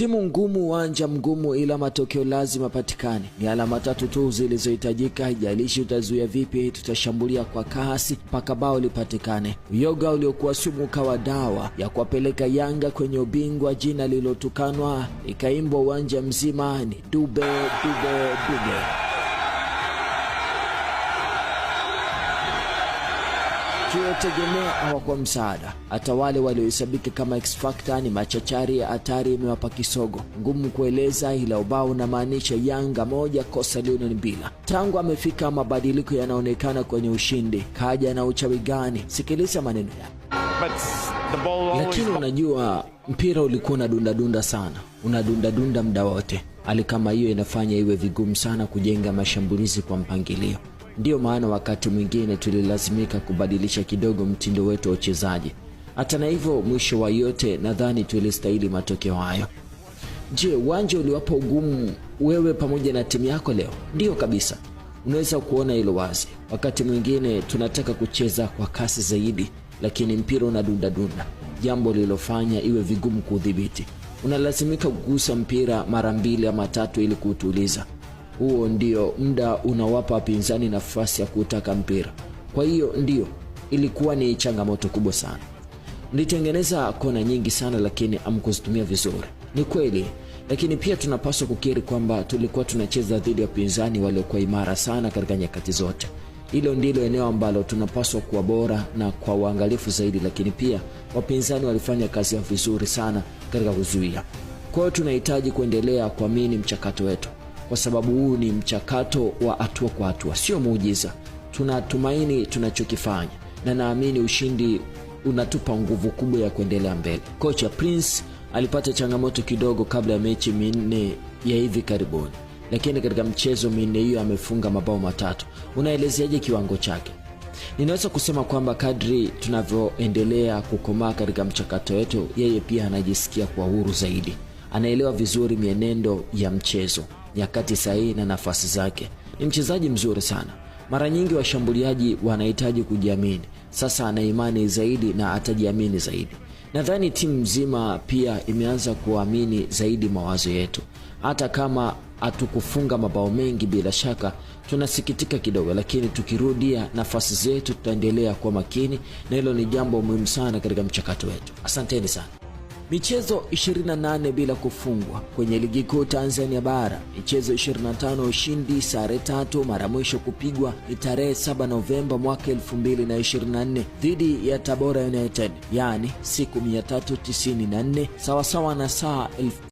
Timu ngumu, uwanja mgumu, ila matokeo lazima patikane. Ni alama tatu tu zilizohitajika. Haijalishi utazuia vipi, tutashambulia kwa kasi mpaka bao lipatikane. Uyoga uliokuwa sumu ukawa dawa ya kuwapeleka Yanga kwenye ubingwa. Jina lililotukanwa ikaimbwa uwanja mzima ni dube dube dube. awa kwa msaada. Hata wale waliohesabika kama X Factor ni machachari ya hatari imewapa kisogo. Ngumu kueleza, ila ubao unamaanisha Yanga moja kosa Leonel Mbila. Tangu amefika, mabadiliko yanaonekana kwenye ushindi. Kaja na uchawi gani? Sikiliza maneno yake. Lakini unajua mpira ulikuwa dunda sana, unadundadunda muda wote. Hali kama hiyo inafanya iwe vigumu sana kujenga mashambulizi kwa mpangilio. Ndiyo maana wakati mwingine tulilazimika kubadilisha kidogo mtindo wetu wa uchezaji. Hata na hivyo, mwisho wa yote, nadhani tulistahili matokeo hayo. Je, uwanja uliwapa ugumu wewe pamoja na timu yako leo? Ndiyo kabisa, unaweza kuona hilo wazi. Wakati mwingine tunataka kucheza kwa kasi zaidi, lakini mpira unadundadunda jambo lililofanya iwe vigumu kuudhibiti. Unalazimika kugusa mpira mara mbili ama tatu ili kuutuliza huo ndio muda unawapa wapinzani nafasi ya kutaka mpira. Kwa hiyo ndio ilikuwa ni changamoto kubwa sana. Mlitengeneza kona nyingi sana, lakini amkuzitumia vizuri, ni kweli, lakini pia tunapaswa kukiri kwamba tulikuwa tunacheza dhidi ya wapinzani waliokuwa imara sana katika nyakati zote. Hilo ndilo eneo ambalo tunapaswa kuwa bora na kwa uangalifu zaidi, lakini pia wapinzani walifanya kazi yao vizuri sana katika kuzuia. Kwa hiyo tunahitaji kuendelea kuamini mchakato wetu kwa sababu huu ni mchakato wa hatua kwa hatua, sio muujiza. Tunatumaini tunachokifanya na naamini ushindi unatupa nguvu kubwa ya kuendelea mbele. Kocha Prince alipata changamoto kidogo kabla ya mechi minne ya hivi karibuni, lakini katika mchezo minne hiyo amefunga mabao matatu. Unaelezeaje kiwango chake? Ninaweza kusema kwamba kadri tunavyoendelea kukomaa katika mchakato wetu, yeye pia anajisikia kwa huru zaidi, anaelewa vizuri mienendo ya mchezo nyakati sahihi na nafasi zake. Ni mchezaji mzuri sana. Mara nyingi washambuliaji wanahitaji kujiamini. Sasa ana imani zaidi na atajiamini zaidi. Nadhani timu nzima pia imeanza kuamini zaidi mawazo yetu, hata kama hatukufunga mabao mengi. Bila shaka tunasikitika kidogo, lakini tukirudia nafasi zetu tutaendelea kuwa makini, na hilo ni jambo muhimu sana katika mchakato wetu. Asanteni sana. Michezo 28 bila kufungwa kwenye ligi kuu Tanzania bara, michezo 25 ushindi, sare tatu. Mara mwisho kupigwa ni tarehe 7 Novemba mwaka 2024 dhidi ya Tabora United, yaani siku 394 sawasawa na saa